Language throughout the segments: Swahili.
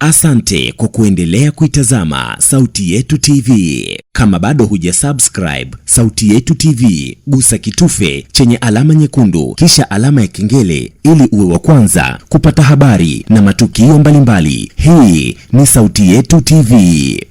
Asante kwa kuendelea kuitazama Sauti Yetu TV. Kama bado hujasubscribe Sauti Yetu TV, gusa kitufe chenye alama nyekundu kisha alama ya kengele ili uwe wa kwanza kupata habari na matukio mbalimbali. Hii ni Sauti Yetu TV.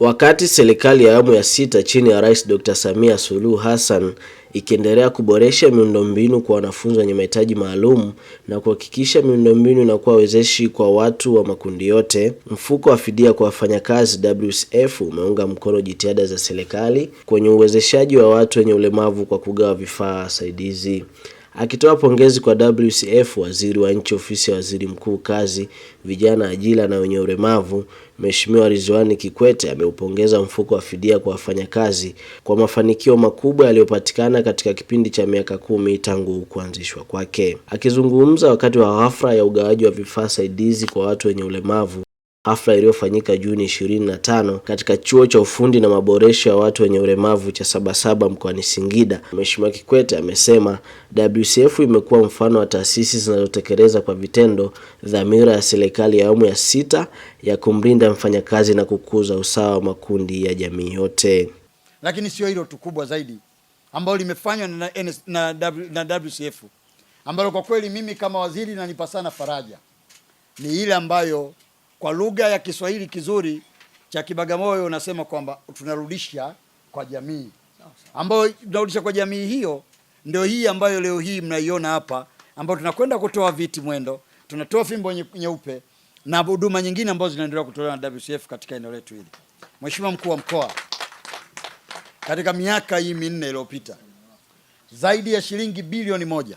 Wakati serikali ya awamu ya sita chini ya Rais Dr. Samia Suluhu Hassan ikiendelea kuboresha miundombinu kwa wanafunzi wenye mahitaji maalum na kuhakikisha miundombinu inakuwa wezeshi kwa watu wa makundi yote, mfuko wa fidia kwa wafanyakazi WCF umeunga mkono jitihada za serikali kwenye uwezeshaji wa watu wenye ulemavu kwa kugawa vifaa saidizi. Akitoa pongezi kwa WCF, waziri wa nchi ofisi ya waziri mkuu kazi, vijana, ajira na wenye ulemavu, Mheshimiwa Ridhiwani Kikwete ameupongeza mfuko wa fidia kwa wafanyakazi kwa mafanikio makubwa yaliyopatikana katika kipindi cha miaka kumi tangu kuanzishwa kwake. Akizungumza wakati wa hafla ya ugawaji wa vifaa saidizi kwa watu wenye ulemavu Hafla iliyofanyika Juni 25 katika Chuo cha Ufundi na Maboresho ya Watu wenye Ulemavu cha Sabasaba mkoani Singida, Mheshimiwa Kikwete amesema WCF imekuwa mfano wa taasisi zinazotekeleza kwa vitendo dhamira ya serikali ya awamu ya sita ya kumlinda mfanyakazi na kukuza usawa wa makundi ya jamii yote. Lakini sio hilo tu, kubwa zaidi ambalo limefanywa na, na, na WCF ambalo kwa kweli mimi kama waziri nanipa sana faraja ni ile ambayo kwa lugha ya Kiswahili kizuri cha Kibagamoyo unasema kwamba tunarudisha kwa jamii, ambayo tunarudisha kwa jamii hiyo ndio hii ambayo leo hii mnaiona hapa, ambayo tunakwenda kutoa viti mwendo, tunatoa fimbo nyeupe na huduma nyingine ambazo zinaendelea kutolewa na WCF katika eneo letu hili. Mheshimiwa Mkuu wa Mkoa, katika miaka hii minne iliyopita zaidi ya shilingi bilioni moja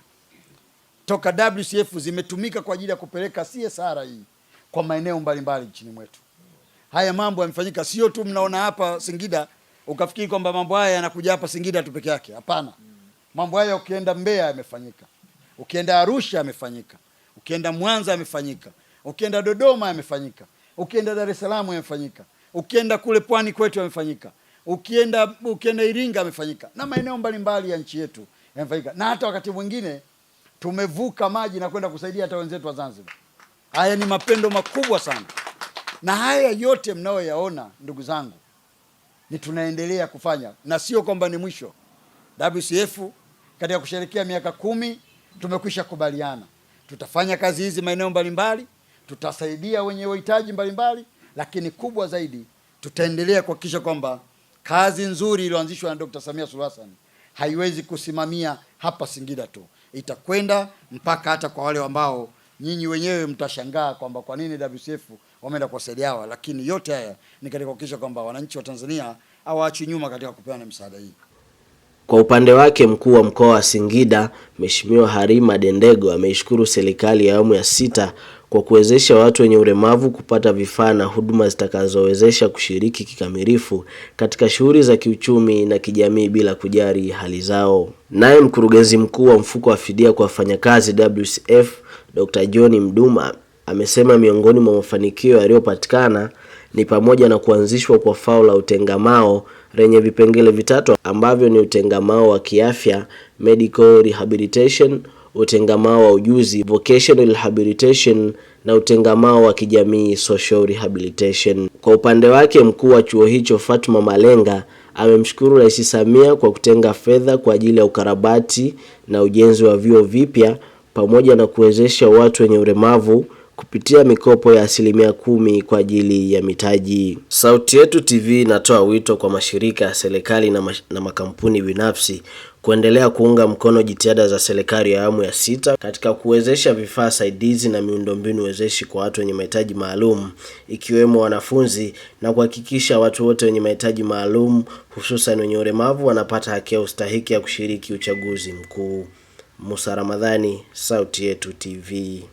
toka WCF zimetumika kwa ajili ya kupeleka CSR hii kwa maeneo mbalimbali nchini mwetu. Haya mambo yamefanyika, sio tu mnaona hapa Singida ukafikiri kwamba mambo haya yanakuja hapa Singida tu peke yake. Hapana, mambo haya ukienda Mbeya yamefanyika, ukienda Arusha yamefanyika, ukienda Mwanza yamefanyika, ukienda Dodoma yamefanyika, ukienda Dar es Salaam yamefanyika, ukienda kule pwani kwetu yamefanyika, ukienda ukienda Iringa yamefanyika, na maeneo mbalimbali ya nchi yetu yamefanyika, na hata wakati mwingine tumevuka maji na kwenda kusaidia hata wenzetu wa Zanzibar. Haya ni mapendo makubwa sana, na haya yote mnayoyaona, ndugu zangu, ni tunaendelea kufanya na sio kwamba ni mwisho. WCF katika kusherekea miaka kumi tumekwisha kubaliana, tutafanya kazi hizi maeneo mbalimbali, tutasaidia wenye uhitaji mbalimbali, lakini kubwa zaidi tutaendelea kuhakikisha kwamba kazi nzuri iliyoanzishwa na Dr. Samia Suluhu Hassan haiwezi kusimamia hapa Singida tu, itakwenda mpaka hata kwa wale ambao nyinyi wenyewe mtashangaa kwamba kwa nini WCF wameenda kuwasaidia hawa, lakini yote haya ni katika kuhakikisha kwamba wananchi wa Tanzania hawaachi nyuma katika kupeana misaada hii. Kwa upande wake mkuu wa mkoa wa Singida Mheshimiwa Harima Dendego ameishukuru serikali ya awamu ya sita kwa kuwezesha watu wenye ulemavu kupata vifaa na huduma zitakazowezesha kushiriki kikamilifu katika shughuli za kiuchumi na kijamii bila kujali hali zao. Naye mkurugenzi mkuu wa mfuko wa fidia kwa wafanyakazi WCF Dr. John Mduma amesema miongoni mwa mafanikio yaliyopatikana ni pamoja na kuanzishwa kwa fao la utengamao lenye vipengele vitatu ambavyo ni utengamao wa kiafya, medical rehabilitation utengamao wa ujuzi vocational rehabilitation na utengamao wa kijamii social rehabilitation. Kwa upande wake, mkuu wa chuo hicho Fatuma Malenga amemshukuru Rais Samia kwa kutenga fedha kwa ajili ya ukarabati na ujenzi wa vyuo vipya pamoja na kuwezesha watu wenye ulemavu kupitia mikopo ya asilimia kumi kwa ajili ya mitaji. Sauti Yetu TV inatoa wito kwa mashirika ya serikali na, mash na makampuni binafsi kuendelea kuunga mkono jitihada za serikali ya awamu ya sita katika kuwezesha vifaa saidizi na miundombinu wezeshi kwa watu wenye mahitaji maalum ikiwemo wanafunzi na kuhakikisha watu wote wenye mahitaji maalum hususan wenye ulemavu wanapata haki ya ustahiki ya kushiriki uchaguzi mkuu. Musa Ramadhani, Sauti Yetu TV.